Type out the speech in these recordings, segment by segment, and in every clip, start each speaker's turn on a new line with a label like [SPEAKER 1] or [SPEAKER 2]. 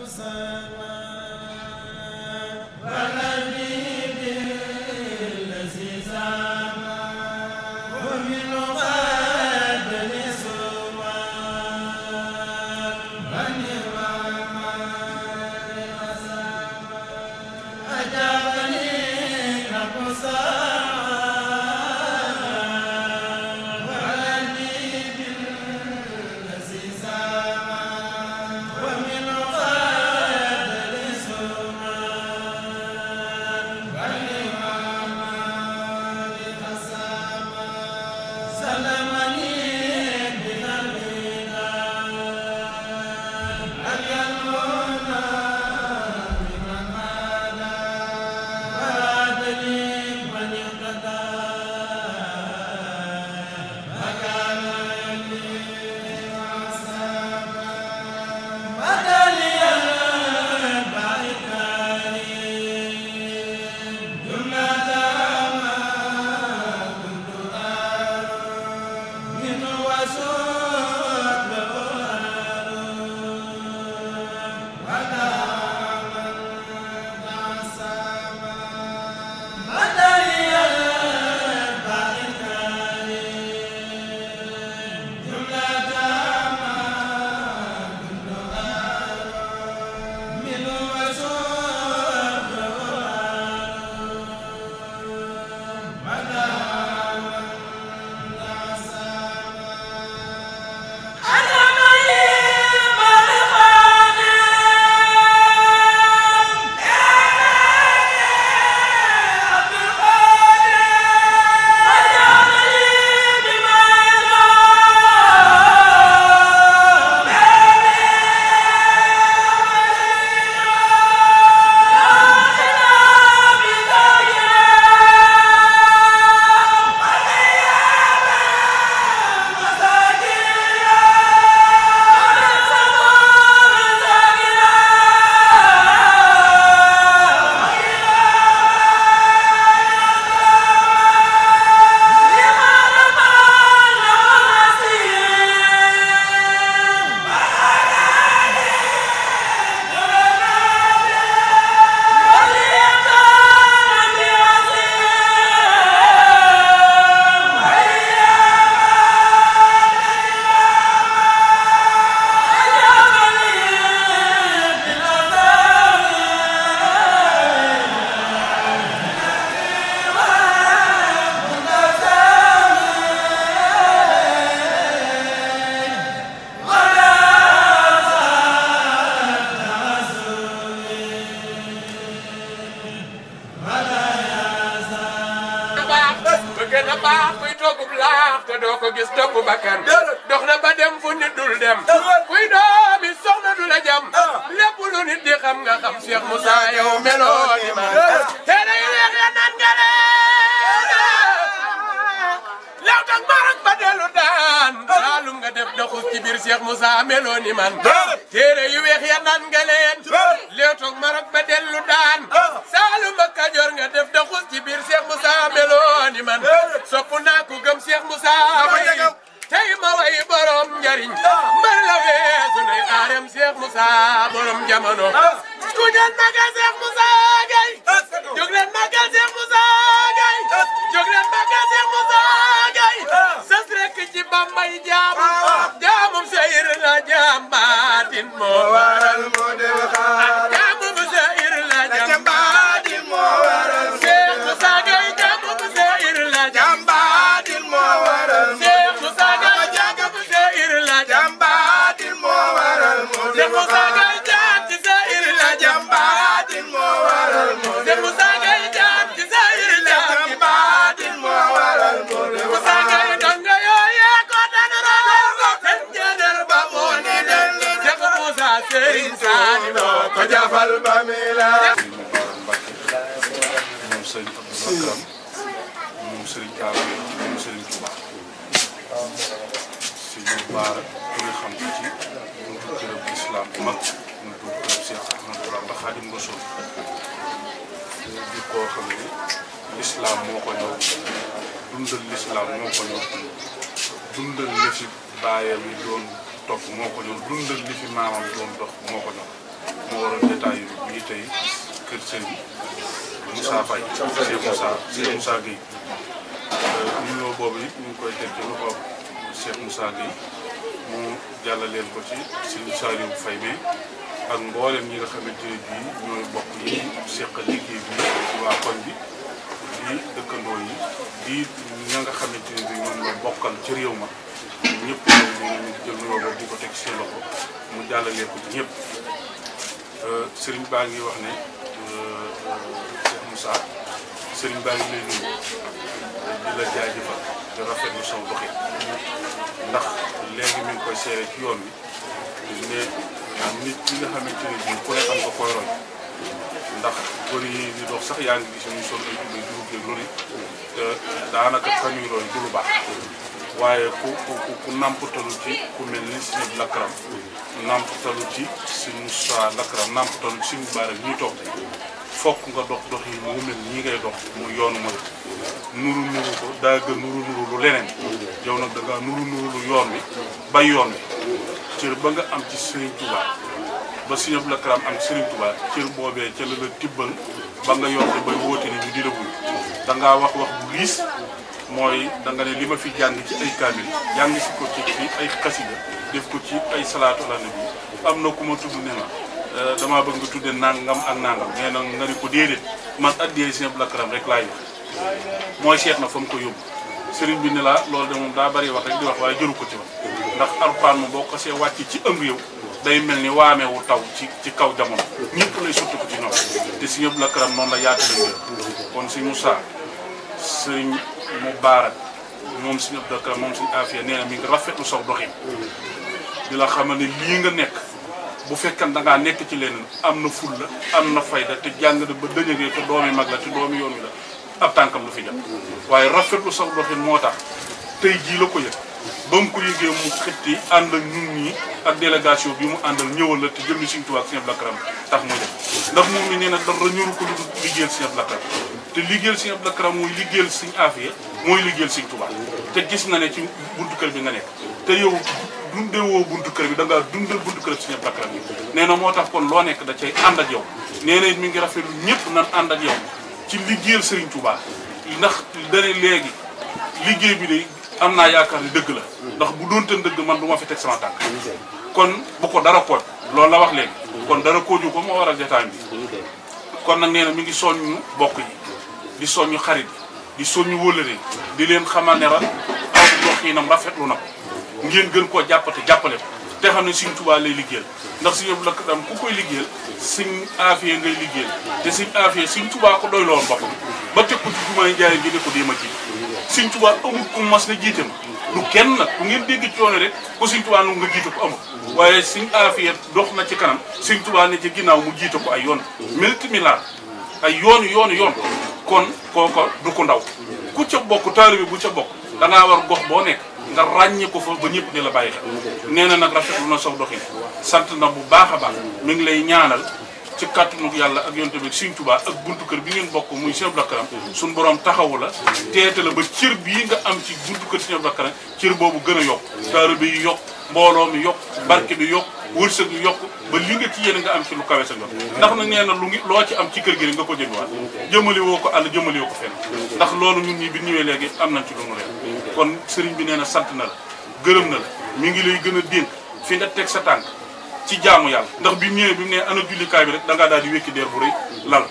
[SPEAKER 1] Hosanna. Maroc ba dellu daan ah. Saalum ak Kajoor nga def da xus ci biir Cheikh Moussa melooni man eh. sopp naa ku gëm Cheikh Moussa bay tey ma way borom njariñ ah. mën la weesu nay
[SPEAKER 2] aarem Cheikh Moussa borom jamono ah. ku ñaan magas
[SPEAKER 3] moo ko ñor dundal lislaam moo ko ñor dundal li fi baayam yi doon topp moo ko ñor dundal li fi maamam doon dox moo ko ñor moo waral détail yu tey kër sëñ Moussa Faye sëñ Moussa sëñ Moussa Gueye euh, nuyoo boobu teg ci loxo Cheikh Moussa Gueye mu ko ci sëñ Saliou bi ak mboolem ñi nga xamante ne bii ñooy bokk yi seq liggéey bi waa koñ bi yi dëkkandoo yi di ña nga xamante ni bi moom nga bokkal ci réew ma ñëpp ñu jël nuyoo boobu di ko teg seen ko mu jàllalee ko ci ñëpp euh, sëriñ baa ngi wax ne euh, Cheikh Moussa sëriñ baa ngi lay nuyu di la jaajëfal di rafetlu saw doxin ndax léegi mi ngi koy seere ci yoon bi ne nit ñi nga xamante ni bii ku ne am nga koy roy ndax góor yi ñu dox sax yaa ngi gis ñuy sol ay jubay dugub yeeg loolu daanaka famille loolu du lu baax waaye ku ku ku nampatalu ci ku mel ni suñu lakram nampatalu ci suñu Moussa lakram nampatalu ci suñu baara ñuy toog fokk nga dox dox yi mu mel ñii ngay mu yoonu mooy nuru nuru ko daa lu leneen yow nag da nuru nuru lu yoon wi bay yoon wi cër ba nga am ci Sëriñ Tuubaa ba Sëñ la Lakram am Serigne Touba cër boobee ca la la tibbal ba nga yorte bay wóote ni ñu di la wuyu wax wax bu liis mooy da nga ne li ma fi jàng ci ay kaamil jàng ko ci ay xasida def ko ci ay salaatu ala am na ku ma tudd ne ma euh, damaa bëgg nga tudde nangam ak nangam nee na nga ne ko déedéet man addiyee Sëñ Abdou Lakram rek laa yor mooy seet na fa mu ko yóbbu sëriñ bi ne laa loolu de moom daa bari wax rek di wax waaye jëru ko ci ma ndax alxuraan moom boo ko see wàcc ci am réew day mel ni waameewu taw ci ci kaw jamono ñëpp lay sottiku ci noonu te si ñëpp la këram moom la yaatale mbir kon si Moussa sëriñ Mubarak moom si ñëpp la këram moom suñu afiya nee na mi ngi rafetlu saw doxin di la xamal ne lii nga nekk bu fekkee da ngaa nekk ci leneen am na ful la am na fayda te jàng na ba dëñëgee te doomi mag la te doomi yoon wi la ab tànkam lu fi jàpp waaye rafetlu saw doxin moo tax tey jii la ko yëg ba mu ko yëgee mu xëtti ànd ak ñun ñii ak délégation bi mu àndal ñëwal la te jëm ni Sëñ Tuubaa ak Sëñ Abdou Lakram tax mu def ndax moom mi nee na dara ñuru ko lu dul liggéeyal Sëñ Abdou Lakram te liggéeyal Sëñ Abdou Lakram mooy liggéeyal Sëñ Aafiya mooy liggéeyal te gis na ne ci buntu kër bi nga nekk te yow dundee woo kër bi da ngaa dundal kër bi Sëñ nee na moo tax kon loo nekk da cay ànd ak yow nee na mi ngi rafetlu ñëpp nan ànd ak yow ci liggéeyal Sëriñ Tuubaa ndax dane léegi liggéey bi de am naa yaakaar ni dëgg la ndax bu doonte dëgg man du ma fi teg sama tànk kon bu ko dara kooj loolu la wax léegi kon dara kooju ko moo a jotaay bi kon nag nee na mi ngi soññu bokk yi di soññu xarit di soññu wóllëre di leen xamal ne ra aw doxiinam rafetlu na ko ngeen gën koo jàppate jàppale ko te xam ne Sëñ Tuubaa lay liggéeyal ndax Sëñ Abdou Lakram ku koy liggéeyal Sëñ Afiya ngay liggéeyal te Sëñ Afiya Sëñ Tuubaa ko doy loon boppam ba teg ko ci jumaay jaay sëñ Tuubaa amul ku mas na jiite ma kenn ku ngeen dégg coono rek ku sëñ Tuubaa nag nga jiite ko amul waaye sëñ Aafiya dox na ci kanam sëñ Tuubaa ne ci ginnaaw mu jiite ko ay yoon milti milaar ay yoon yoon yoon kon kooko du ku ndaw ku ca bokk taalibe bu ca bokk da war gox boo nekk nga ràññee ko fa ba ñëpp di la bàyyi xel nee na nag rafetlu na saw doxin sant na bu baax a baax mi ngi lay ñaanal ci kàttanu yàlla ak yonte bi Sëriñ Tuubaa ak buntu kër bi ngeen bokk muy Sëriñ Abdou Lakram suñu borom taxawu la teete la ba cër bii nga am ci buntu kër Sëriñ Abdou Lakram cër boobu gën a yokk taalibe yokk mbooloo mi yokk barke bi yokk wërsëg bi yokk ba li nga ci yéen nga am ci lu kawe sa njot ndax na lu ngi loo ci am ci kër gi rek nga ko jëmiwaat jëmali woo ko àll jëmali woo ko fenn ndax loolu ñun ñi bi ñëwee léegi am nañ ci lu mu leer kon sëriñ bi nee na sant na la gërëm na la mi ngi lay gën a dénk fi nga teg sa tànk ci jaamu yàlla ndax bi ñëwee bi mu ne ana jullikaay bi rek da ngaa daal di wékki deer bu rëy lal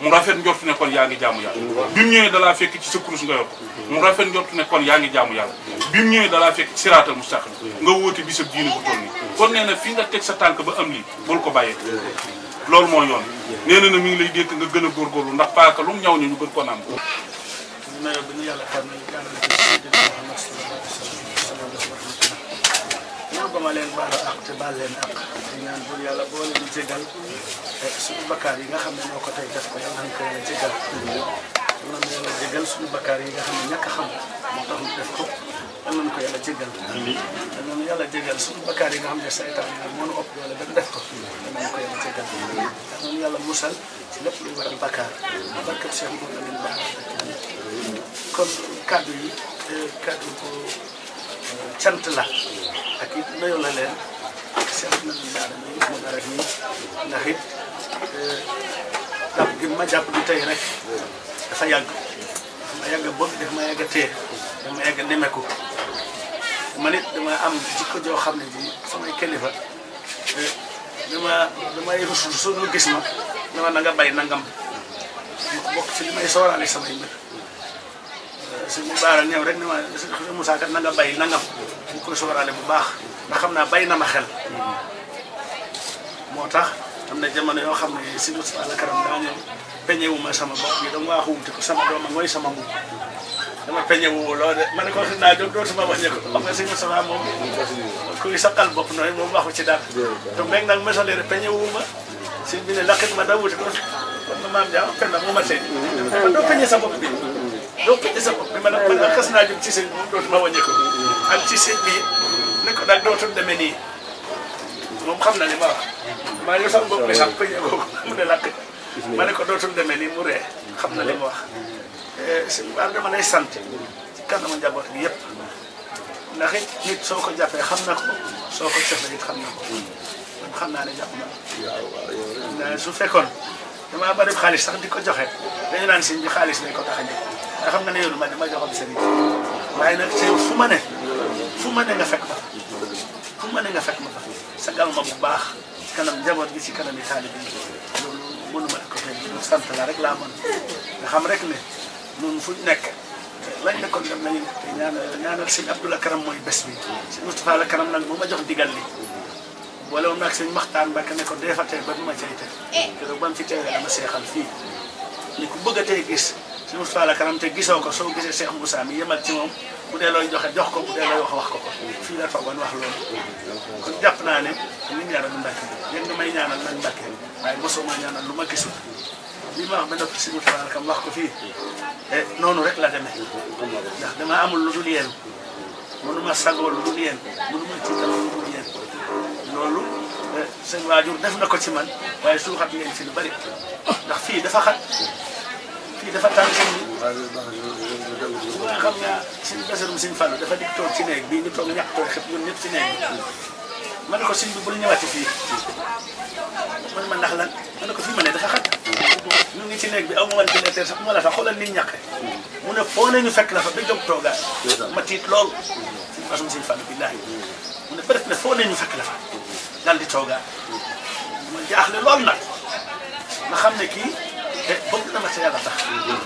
[SPEAKER 3] mu rafet njortu ne yaa ngi jaamu yàlla bi mu ñëwee dalaa fekk ci sa kurus nga yor mu rafet njortu ne yaa ngi jaamu yàlla bi mu ñëwee dalaa fekk ci siraatal mustaqim nga wóote bi sa diine bu toll nii kon nee na fi nga teg sa tànk ba am lii bul ko bàyyee loolu moo yoon nee na mi ngi lay dénk nga gën a góorgóorlu ndax paaka lu mu ñaw ñu ñu gën ko naam dama leen baal a àq te baal leen àq
[SPEAKER 2] di ñaan pour yàlla boo leen jégal eh, suñu bakaar yi nga xam ne ñoo ko tey def ko yàlla nañ ko yàlla jégal. yàlla nañ yàlla suñu bakaar yi nga xam ne ñàkk xam moo tax ñu def ko yàlla nañ ko yàlla jégal. yàlla nañ yàlla jégal suñu yi nga xam ne saytaan moo ëpp doole ba def ko yàlla nañ ko yàlla jégal. yàlla musal ci lépp luy waral bakkaar barkab Cheikh moom la leen baax kon kaddu yi eh, kaddu ko eh, cant la. ak it nayoo la leen di tey rek dafa yàgg dafa ma yàgg a bëgg dafa ma yàgg a téye dafa ma yàgg a am jikko joo xam ne ji samay kilifa dama damay rus su lu gis ma dama na nga bay nangam ma bokk ci li may sooraale samay mbir suñu dañ koy sóoraale bu baax ndax xam naa bay na ma xel moo tax am na jamono yoo xam ne si dut àlla karam daa ñëw peñewu sama bopp bi dama waaxu wuti ko sama dooma mooy sama mbubb dama peñewu loo de ma ne ko naa jóg dootuma wàññeeku xam nga sëñ sama moom kuy saqal bopp nooy moom waxu ci dara te meeg nag mesaleere peñewu ma sëñ bi ne ma daw wuti ko kon na maam jaa pen na mu ma tee dama mm-hmm. doo peñe sa bopp bi doo ko ci sa bopp bi naa jóg ci sëñ bi dootuma wàññeeku ak ci sëñ bi ne ko nag dootul demee nii moom xam na li ma wax maa ngi sama bopp bi sax ko ñëw mu ne lakk ma ne ko dootul demee nii mu ree xam na li ma wax eh, sëñ Bara dama lay sant ci kanamu njaboot bi yëpp ndax it nit soo ko jàppee xam na ko soo ko soxla it xam na ko man xam naa ne jàpp na su fekkoon damaa bari xaalis sax di ko joxe dañu naan sëñ bi xaalis lañ ko tax a nga xam nga ne yow du ma ne ma joxoon sëriñ waaye nag ci yow fu ma ne fu ma ne nga fekk ma fu ma ne nga fekk ma fa sa gal ma bu baax ci kanam njaboot gi ci kanam yi taalib yi loolu mënu ma ko tey loolu sant la rek laa mën nga xam rek ne noonu fu nekk lañ nekkoon dem nañu te ñaanal ñaanal sëñ Abdoul Karam mooy bés bi sëñ Moustapha la Karam nag moo ma jox digal li wala woon naag sëñ Maxtaan Mbacke ne ko dee fa tey ba du ma cay teg eh. keroog ban fi teewee dama seexal fii ni ku bëgg a tey gis si Moustapha la kanam te gisoo ko soo gisee Cheikh Moussa mi yemal ci moom bu dee looy joxe jox ko bu dee looy wax wax ko ko fii la toogoon wax loolu kon jàpp naa ne ñu ñaanal Mbàkke yéen nga may ñaanal nag Mbàkke waaye mosoo ma ñaanal lu ma gisul ma wax ba noppi si Moustapha wax ko fii eh, noonu rek la demee dax dama amul lu dul yéen mënuma sagoo lu dul yéen mënuma tiital lu dul loolu loolu eh, seen waajur def na ko ci man waaye suuxat ngeen ci lu bari ndax fii dafa xat fii dafa tànn sëñ bi nga xam ne sëñ Basiru sëñ toog ci néeg bii ñu toog ñàkk toog xëpp ñun ma ne ko sëñ bi bu ñu ñëwaatee fii man ma na lan ma ne ko fii ma ne dafa xat ñu ngi ci néeg bi aw ma ventilateur sax ma la fa xoolal nit ñàkk mu ne foo nañu fekk la fa ma tiit lool sëñ Basum sëñ fa billaahi mu ne peut-être ne na nañu fekk la fa daal di toogaat ma jaaxle lool nag ma xam ne kii bëgg na ma sa yàlla tax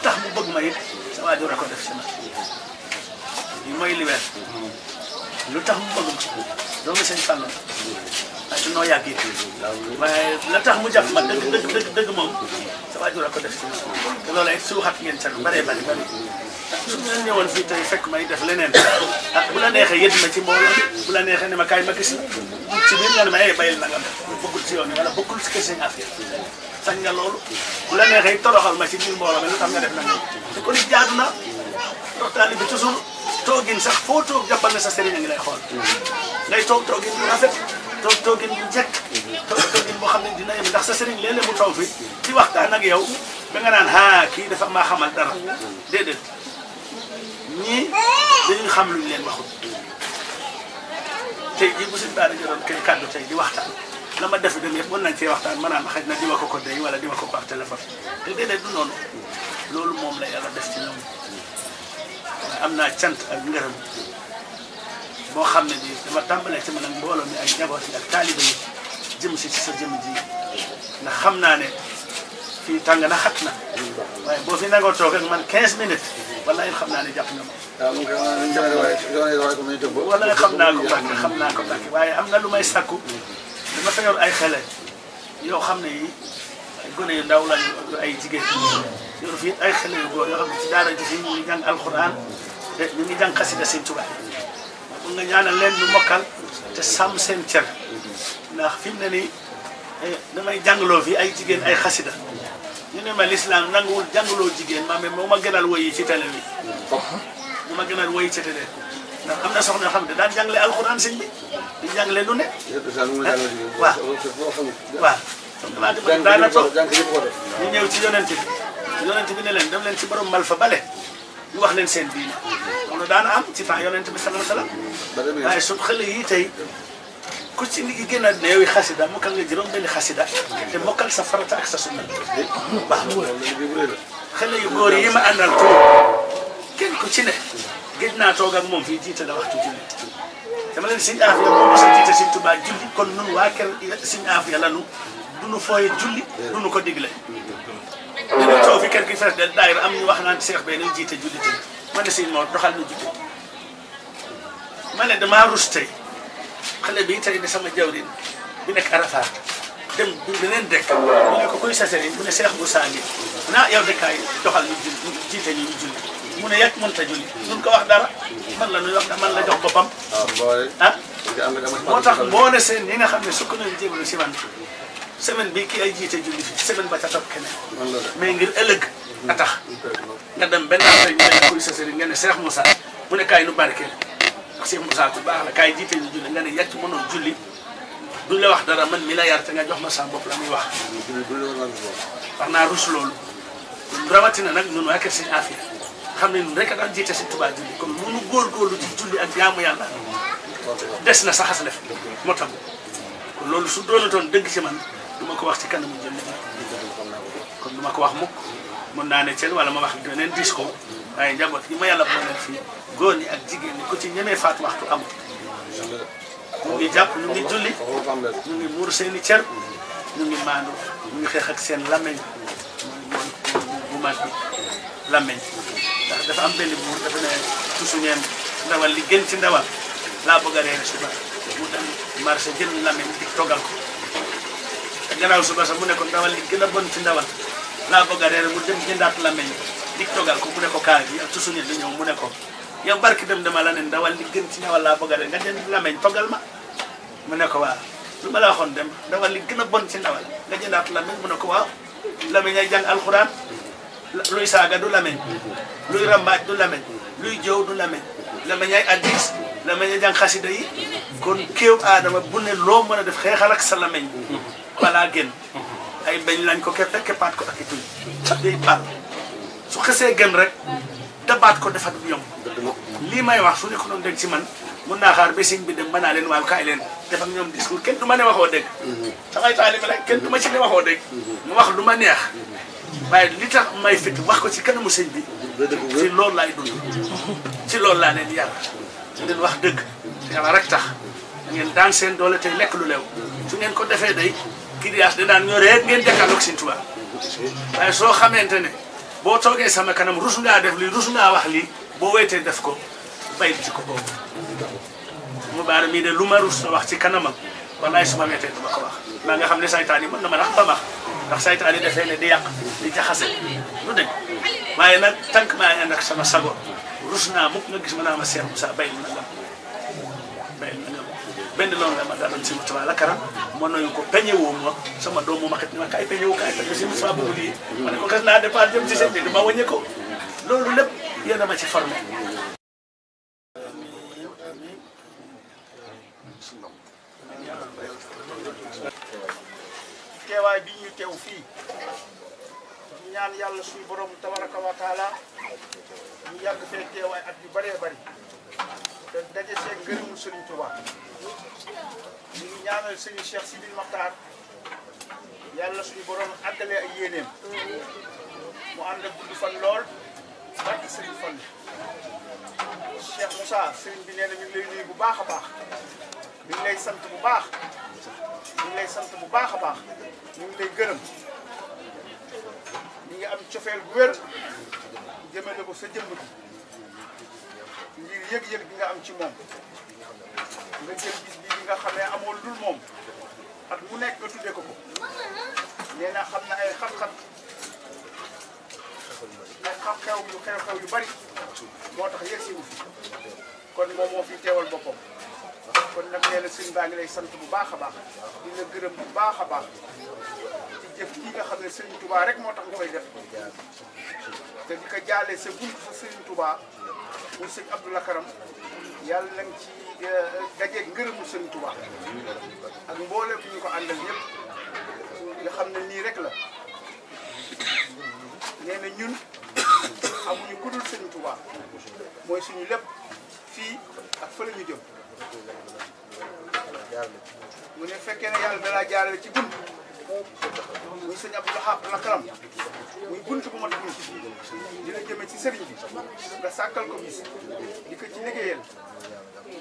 [SPEAKER 2] tax mu bëgg ma it sa waajur a ko def si ma li mooy li weer lu tax mu bëgg ci doomu sëñ Fallou ak su noo yàggee waaye la tax mu jàpp ma dëgg dëgg dëgg dëgg moom sa waajur a ko def si ma te loola it suuxat ngeen ca lu bare bare bare su ngeen ñëwoon fii tey fekk may def leneen ah bu la neexee yëdd ma ci mbooloo bu la neexee ne ma kaay ma gis la ci biir nga ne ma eh bayil nangam bokkul ci yoon wala bokkul ci kese nga affaire sañ nga loolu bu la neexee toroxal ma ci biir mbooloo mi lu tax nga def nangam te kon it jaadu na doxtaani bi toujours toogin sax foo toog jàppal ne sa sëriñ a ngi lay xool ngay toog toogin bu rafet toog toogin bu jekk toog toogin boo xam ne dina yem ndax sa sëriñ léeg-léeg mu toog fi ci waxtaan ak yow ba nga naan ah kii dafa maa xamal dara déedéet ñii dañuy xam luñ leen waxut tey jii bu suñu daara jëloon kay kàddu tey di waxtaan la ma def dem yëpp mën nañ cee waxtaan maanaam xaj na di ma ko ko wala di ma ko ko ak téléphone noonu loolu moom la yàlla def ci ñoom am naa cant ak ngërëm boo xam ne bii dama tàmbalee ci man na mbooloo mi ak njaboot yi ak taaliba yi jëm si ci sa jëm ji na xam naa ne fii tàng na xat na waaye boo fi nangoo toog ak man 15 minutes. والله خمنا نجحنا والله خمناكم لك خمناكم لك waaye am na lu may sakku dama fa yor ay xale yoo xam ne yi gone yu ndaw lañu ay jigéen yor fi ay xale yu góor yoo xam ne ci daara ji fi ñu ngi jàng alxuraan te ñu ngi jàng xasida seen tubaab mun nga ñaanal leen ñu mokkal te sàmm seen cër ndax fi mu ne nii damay jàngloo fi ay jigéen ay xasida ñu ne ma lislaam nanguwul jàngaloo jigéen ma mais moo ma gënal woy yi ci télé bi mu ma gënal woy yi ci télé ndax am na soxna xam ne daan jàngale alxuraan sëñ bi di jàngale lu ne ah, waaw waaw daana toog ñu ñëw ci yonent bi yonent bi ne leen dem leen ci borom malfa bale ñu wax leen seen diine loolu daan am ci temps yonent bi sallallahu alayhi wasallam waaye suñ xale yi tey كرسي نيجي جينا ناوي خاسدة ممكن نجرون بين خاسدة ممكن سفرت أكثر سنة محمود خلي يقول يما أنا الكون كان كرسينا نعم جدنا توقع مم في جيتا دا وقت جينا تمام سن آفيا مم بس جيتا سن تبع جولي كن نو واكر سن آفيا لانو دونو فوي جولي دونو كدقلة دونو توفي كان كيف الدائرة أمني وحنا نسيخ بين جيتا جولي ما نسين ما نروح على جولي ما ندمارو ستي xale bi tey ne sama jawrin bi nekk Arafat dem bu beneen dëkk ñu ne ko kuy sasari mu ne Seex bu Saani naa yow dëkkaay doxal ñu jul jiite ñu ñu julli mu ne yàgg mënut a julli duñ ko wax dara man la ñuy wax man la jox boppam ah, ah? moo tax boo ne seen ñi nga xam ne sukk nañu jébalu bi kii ay jiite julli fi semaine ba ca topp keneen ëllëg a tax nga dem benn affaire ñu ne kuy sasari nga ne Seex Moussa mu ne kaay nu barkeel sëñ Moussa ku baax la kaay jiite ñu la wax dara man mi la yar te nga jox ma sa bopp la muy wax. wax naa rus loolu. rawatina nag ñun waa kër sëñ Afia xam ne rek a daan jiite sëñ Tuubaa julli comme mënu góorgóorlu ci julli des na saxas def moo tax kon loolu su doonatoon dëgg ci man du ma ko wax ci kanamu julli kon du ma ko wax mu mën naa ne cel wala ma wax beneen diis ko waaye njaboot gi ma yàlla booleel fii. góor ñi ak jigéen ñi ku ci ñemee faatu waxtu am ñu ngi jàpp ñu ngi julli ñu ngi muur seen i cër ñu ngi maandu ñu ngi xeex ak seen lameñ bu mag lameñ dafa am benn buur dafa ne tusu ndawal li gën ci ndawal laa bëgg a reere suba mu dem marché jël lameñ di toggal ko te suba sax mu ne ko ndawal li gën a bon ci ndawal laa bëgg a reere mu dem jëndaat lameñ di toggal ko mu ne ko kaar bi ak tusu ñeen di ñëw mu ne yow barki dem dama la ne ndawal li gën ci ndawal laa bëgg a def nga jënd lameñ toggal ma mu ne ko waaw lu ma la waxoon dem ndawal li gën a bon ci ndawal nga jëndaat lameñ mu ne ko waaw lameñ ay jàng alxuraan luy saaga du lameñ luy rambaaj du lameñ luy jëw du lameñ lameñ ay addis lameñ ay jàng xasida yi kon kéew aadama bu ne loo mën a def xeexal ak sa lameñ balaa génn ay bañ lañ ko keppe keppaat ko ak i tuñ su xesee gën rek dabaat ko defat bu yomb lii may wax su nekk noonu dégg si man mun naa xaar ba sëñ bi dem mën naa leen waaye kaay leen def ak ñoom discours kenn du ma ne waxoo dégg samay taalibe rek kenn ma ne waxoo dégg mu wax lu ma neex waaye li tax may fit wax ko ci kanamu sëñ bi ci loolu laay dund ci loolu laa leen yàlla leen wax dëgg yàlla rek tax ngeen daan seen doole tey lekk lu leew su ngeen ko defee day kiriyaas danaan ñoo rek ngeen jàkkaarloog sëñ Tuubaa waaye soo xamante ne boo toogee sama kanam rus ngaa def lii rus ngaa wax lii boo weytee def ko bay ci ko boobu mu baara mii de lu ma rus wax ci kanamam wallaay su ma weytee du ma ko wax maa nga xam ne saytaan yi mën na ma nax ba max ndax saytaan yi dafee ne di yàq di jaxase lu dëgg waaye nag tànk maa ngi ànd ak sama sago rus naa mukk nga gis ma naa ma seer Moussa bay na la benn loolu nga ma daaloon si Moustapha Lakara ma nuyu ko peñe woo sama doomu ma xet ni ma kaay peñe woo kaay parce que si Moustapha bëgg ma ne ko xas naa départ jëm ci seen loolu lépp a ma ci formé
[SPEAKER 1] teewaay bi ñu teew fii ñu ñaan yàlla suñu borom tabaraka wa ñu yàgg fee teewaay at yu bëree bëri te daje see ngërëmul Serigne Touba ñu ngi ñaanal Serigne Cheikh Sidil Makhtar yàlla suñu borom àggale ak yéeneem mu ànd ak gudd fan lool barke Serigne Fall Cheikh Moussa Serigne bi nee na mi ngi lay nuyu bu baax a baax mi ngi lay sant bu baax mi ngi lay sant bu baax a baax mi ngi lay gërëm mi ngi am cofeel bu wér jëmale ko sa jëmb bi yëg-yëg bi nga am ci moom nga jël bis bi nga xam ne amoo lul moom at mu nekk nga ko ko nee naa xam na ay xat-xat ay xew-xew yu xew-xew yu bari moo tax yëg si wu fi kon moom moo fi teewal boppam kon nag nee na sëñ baa ngi lay sant bu baax a baax di la gërëm bu baax a baax ci jëf kii nga xam ne Serigne Touba rek moo tax nga koy def te di ko jaale sa bunt sa Serigne Touba. muy sëñ Abdoulaye Karam yàlla na nga ci euh, dajeeg ngërëmu sëñ Touba ak mboolem ñu ko àndal ñëpp nga xam na nii rek la nee na ñun amuñu ku dul sëñ mooy suñu lépp fii ak fële ñu jëm mu ne fekkee ne yàlla dalaa jaarale ci dund. muy sëñ Abdou Lahad u karam muy bunt bu ma def nii dina jëme ci sëriñ bi nga sàkkal ko bis di ko ci liggéeyal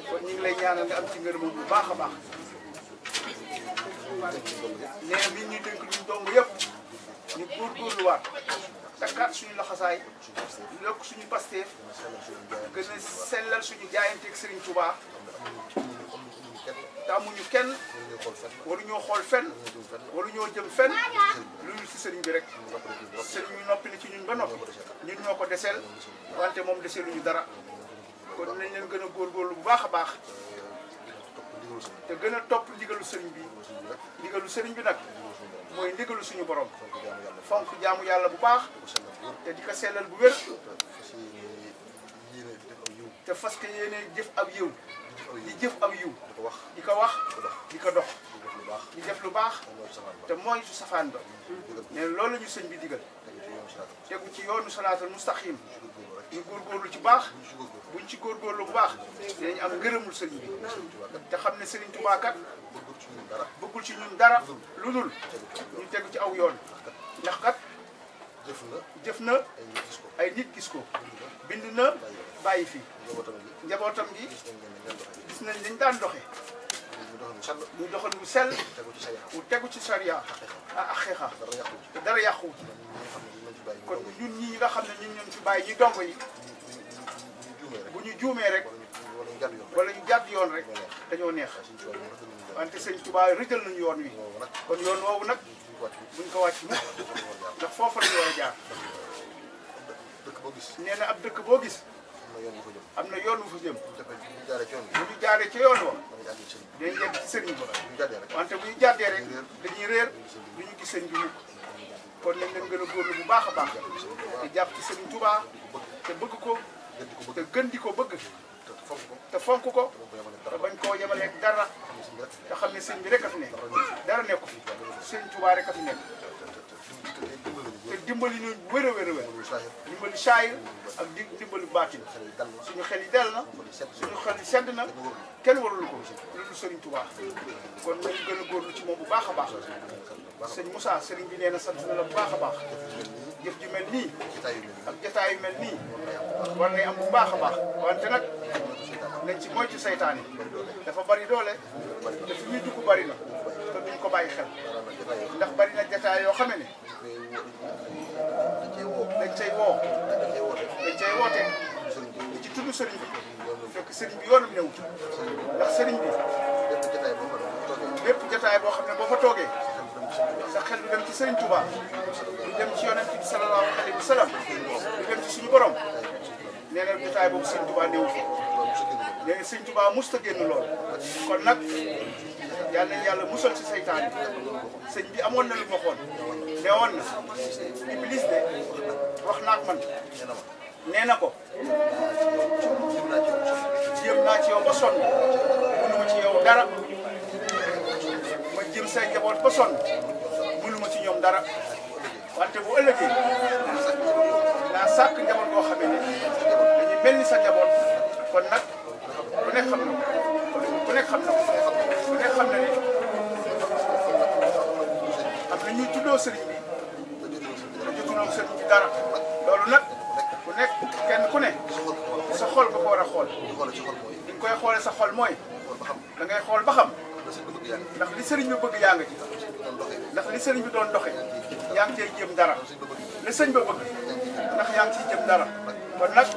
[SPEAKER 1] kon ñu ngi lay ñaanal nga am ci ngërëm bu baax a baax nee bi ñu dénk ñu dong yëpp ñu góorgóorluwaat takkaat suñu laxasaay yokk suñu pasteef gën a sellal suñu jaayanteeg Serigne Touba tàmmuñu kenn waruñoo xool fenn. waruñoo xool fenn. waruñoo jëm fen lu ñu ci sëriñ bi rek. sëriñ bi noppi na ci ñun ba noppi. ñun ñoo ko deseel wante moom deseeluñu dara. kon nañ leen gën a góor góorgóorlu bu baax a baax. te gën a topp ndigalu sëriñ bi. ndigalu sëriñ bi nag mooy ndigalu suñu borom. fonk jaamu yàlla bu baax. te di ko sellal bu wér. te fas que yéene jëf ab yiw di jëf ab yiw di ko wax di ko wax di ko dox di def lu baax te mooy su safaan ba mais loolu la ñu sëñ bi digal tegu ci yoon yoonu salaatal mustaqim ñu lu ci baax buñ ci góorgóorlu bu baax dinañ am ngërëmul sëriñ bi te xam ne sëriñ Tuubaa kat bëggul ci ñun dara lu dul ñu tegu ci aw yoon ndax kat jëf na jëf na ay nit gis ko bind na bàyyi fi njabootam gi gis nañ dañ daan doxe muy doxal bu sell mu tegu ci sariya ak xeexa ah, dara yàqu kon ñun ñi nga xam ne ñun ñoom ci bàyyi ñi dongo yi bu ñu juumee rek wala ñu jàdd yoon rek dañoo neex wante sëñ Tuubaa rëjal nañu yoon wi kon yoon woowu nag buñ ko wàcc buñ ko wàcc ndax foofu la ñu war a jaar dëkk boo gis nee na ab dëkk boo gis am na yoon wu fa jëm bu ñu jaaree ci yoon wa dañ yegg ci sëriñ bi bu ñu jàddee rek dañuy réer du ñu gis sëriñ bi mukk kon nañ leen gën a góorlu bu baax a baax te jàpp ci sëriñ Tuubaa te bëgg ko te gën di ko bëgg te fonk ko te bañ koo yemaleeg dara te xam ne sëñ bi rek a fi nekk dara nekku fi sëñ Tuubaa rek a fi nekk te dimbali ñu wér a dimbali saayir ak di dimbali baatin suñu xel yi dal na suñu xel yi sedd na kenn warul ko loolu sëriñ Tuubaa kon nañ gën a góorlu ci moom bu baax a baax sëñ Moussa sëriñ bi nee na sant na la bu baax a baax jëf ju mel nii ak jataay mel nii war nay am bu baax a baax wante nag nañ ci moytu seytaane dafa bari doole te fi muy dugg bari na te duñ ko bàyyi xel ndax bari na jataay yoo xam ne dañ cay woo dañ cay woote ci tudd sëriñ bi fekk sëriñ bi yoonam newut ndax sëriñ bi bépp jataay boo xam ne boo fa toogee sa xel du dem ci sëriñ Touba du dem ci yonent bi sallallahu alayhi wa sallam du dem ci suñu borom nee na jataay boobu sëriñ Touba newut nee na sëñ Tuubaa musta génn lool kon nag yàlla musal ci seytaane sëñ bi amoon na lu ma xool ne woon na iblis de wax na ak man nee na ko jéem naa ci yow ba sonn mënuma ci yow dara ma jéem say njaboot ba sonn mënuma ci ñoom dara wante bu ëllëgee naa sàkk njaboot sa njaboot kon nag nekk xam na ku nekk xam na ku nekk xam na ne am na ñuy tuddoo sëriñ bi jotuloo sëriñ bi dara loolu nag ku nekk kenn ku ne sa xol nga ko war a xool ni nga koy xoolee sa xol mooy da ngay xool ba xam ndax li sëriñ bi bëgg yaa nga ci ndax li sëriñ bi doon doxe yaa ngi cay jëm dara li sëñ ba bëgg ndax yaa ngi ciy jëm dara kon nag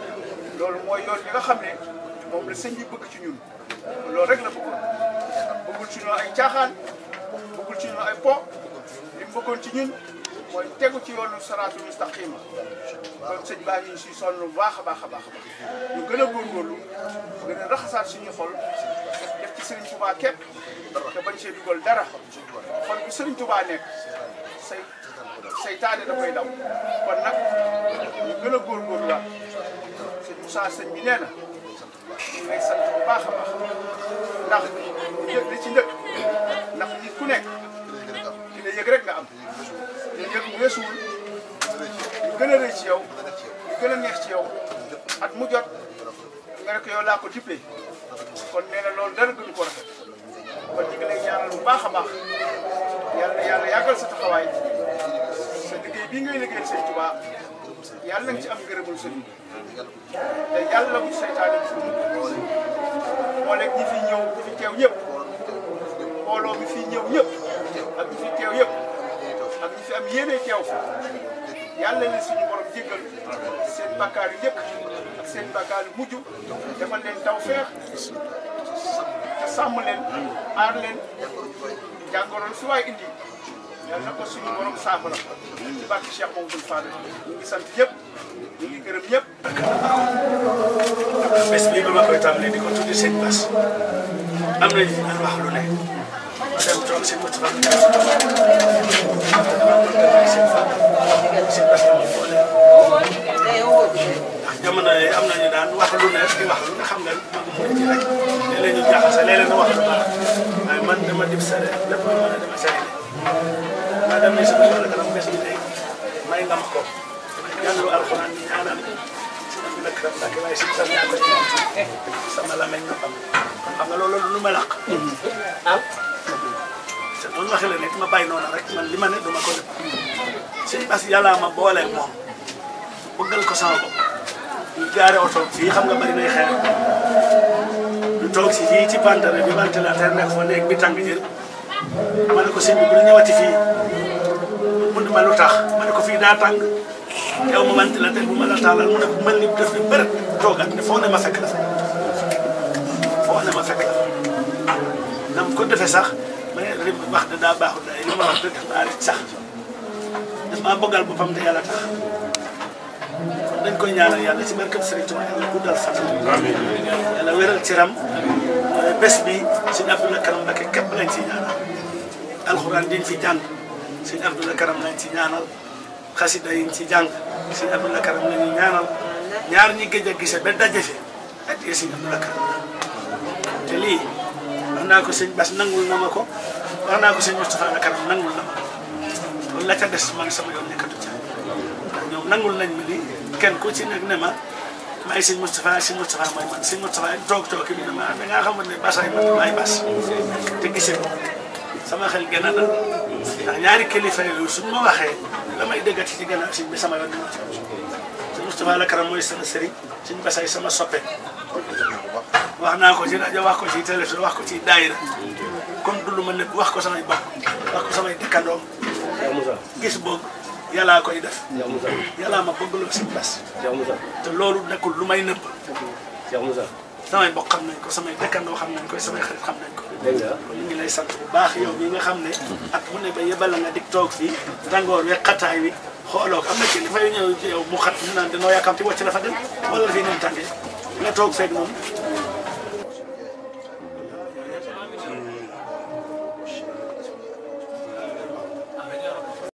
[SPEAKER 1] loolu mooy yoon bi nga xam ne moom la sëñ bëgg ci ñun loolu rek na bëggoon bëggul ci ñun ay caaxaan bëggul ci ñun ay po li mu ci ñun mooy tegu ci yoonu saraatu mustaqima kon sëñ baa ngi si sonn bu baax a baax a baax ñu gën a góorgóorlu gën a raxasaat suñu xol def ci sëriñ Touba képp te bañ see dugal dara xol bu sëriñ Touba nekk say seytaane da koy daw kon nag ñu gën a góorgóorlu daal sëñ Moussa sëñ ñu ngi lay bu baax a baax ndax li ci njëkk ndax nit ku nekk li nga yëg rek nga am li nga yëg weesuwul lu gën a rëy ci yow lu gën a neex ci yow at mu jot nga ne ko laa ko dippee kon nee na loolu dara gënu ko rafet kon ñu ngi lay ñaanal bu baax a baax yàlla na yàlla yàggal sa taxawaay sa liggéey bii ngay liggéeyal Sëñ Tuubaa yàlla na nga ci am gërëmul sëriñ bi te yàlla bu seytaane booleeg ñi fi ñëw ñi fi teew ñëpp mbooloo mi fi ñëw ñëpp ak ñi fi teew yëpp ak ñi fi am yéene teew yàlla na suñu borom jéggal seen bakkaar yu njëkk ak seen bakkaar mujj defal leen tawfeex te leen aar leen jàngoro fi waay indi. yal na ko suñu borom saafara ko ci barke Cheikh Mamadou Fadel ñu ngi sant ñëpp ñu ngi gërëm
[SPEAKER 2] ñëpp. bés bii bi ma koy tàmbalee di ko tuddi sëñ Bass am na ñu wax lu ne ma dem toog sëñ Bass ba mu nekk si tool ndax jamono yi am nañu daan wax lu ne di wax lu ne xam nga moom mooy ji rek léeg-léeg ñu jaaxase léeg-léeg ñu wax lu baax waaye man dama dib sare lépp lu mën a dama sare maa damay sama soxla kanam bés bi léegi may ndam ko jàngu alxuraan mm-hmm. ah? di ñaanal si na la këram waaye si sama lameñ na xam nga loolu lu ma làq ah ma bàyyi noonu rek man li ma ne duma ko def ma booleel moom bëggal ko sama bopp ñu gaare oto fii xam nga bari nay xeer ñu toog si fii ci bantare bi bantalater nekk fa nekk bi tàng jër ma ne ko si bi bu ñu ñëwaati fii mu ne ma tax ma ne ko fii daa tàng yow ma ventilateur bu ma la taalal mu ne bu mel ni def ni bëri toogaat ne foo ne ma fekk la fa foo ne ma fekk la fa ko defe sax ma ne li wax da daa baaxul daal li ma wax da def naa rek sax daf maa bëggal boppam te yàlla tax kon dañ koy ñaanal yàlla ci barkeb Sëriñ Tuubaa yàlla guddal fan yàlla ci ram bés bi suñu Abdou Karim Mbacké képp lañ ci ñaanal alxuraan diñ ci jàng sëñ Abdoulaye Karam lañ ci ñaanal xasida yiñ ci jàng sëñ Abdoulaye Karam lañu ñaanal ñaar ñi gëj a gise ba daje fi addee sëñ Abdoulaye Karam te lii wax naa ko sëñ Bass nangul na ma ko wax naa ko sëñ Moustapha la Karam nangul na ko kon des man sama yoon nekkatu ca ñoom nangul nañ ma lii kenn ku ci nekk ne ma maay sëñ Moustapha sëñ Moustapha mooy man sëñ Moustapha toog toog ki bi ne ma ah, da ngaa xamul ne Bass ay man maay Bass te gisee ko sama xel gën a dal ndax ñaari kilifa yooyu su ma waxee damay dëggati ci gànnaaw si bi sama yoon bi ma ci si Moustapha Lakaram mooy sama sëriñ suñ basay sama soppe wax naa ko ci rajo wax ko ci télévision wax ko ci daayira kon du lu ma nekk wax ko samay bokk wax ko samay dëkkandoom gis boobu yàllaa koy def yàllaa ma bëgg loo si bas te loolu nekkul lu may nëbb samay bokk xam nañ ko samay dëkkandoo xam nañ koy samay xarit xam nañ ko dégg ngi lay sant bu baax yow mi nga xam ne ak mu ne ba a nga dik toog fii rangoor we xataay wi xooloo am na ci li fay ñëw yow mu xat ñu naan danoo yàkkamti wàcc na fa dem wala fii noonu nga toog feeg moom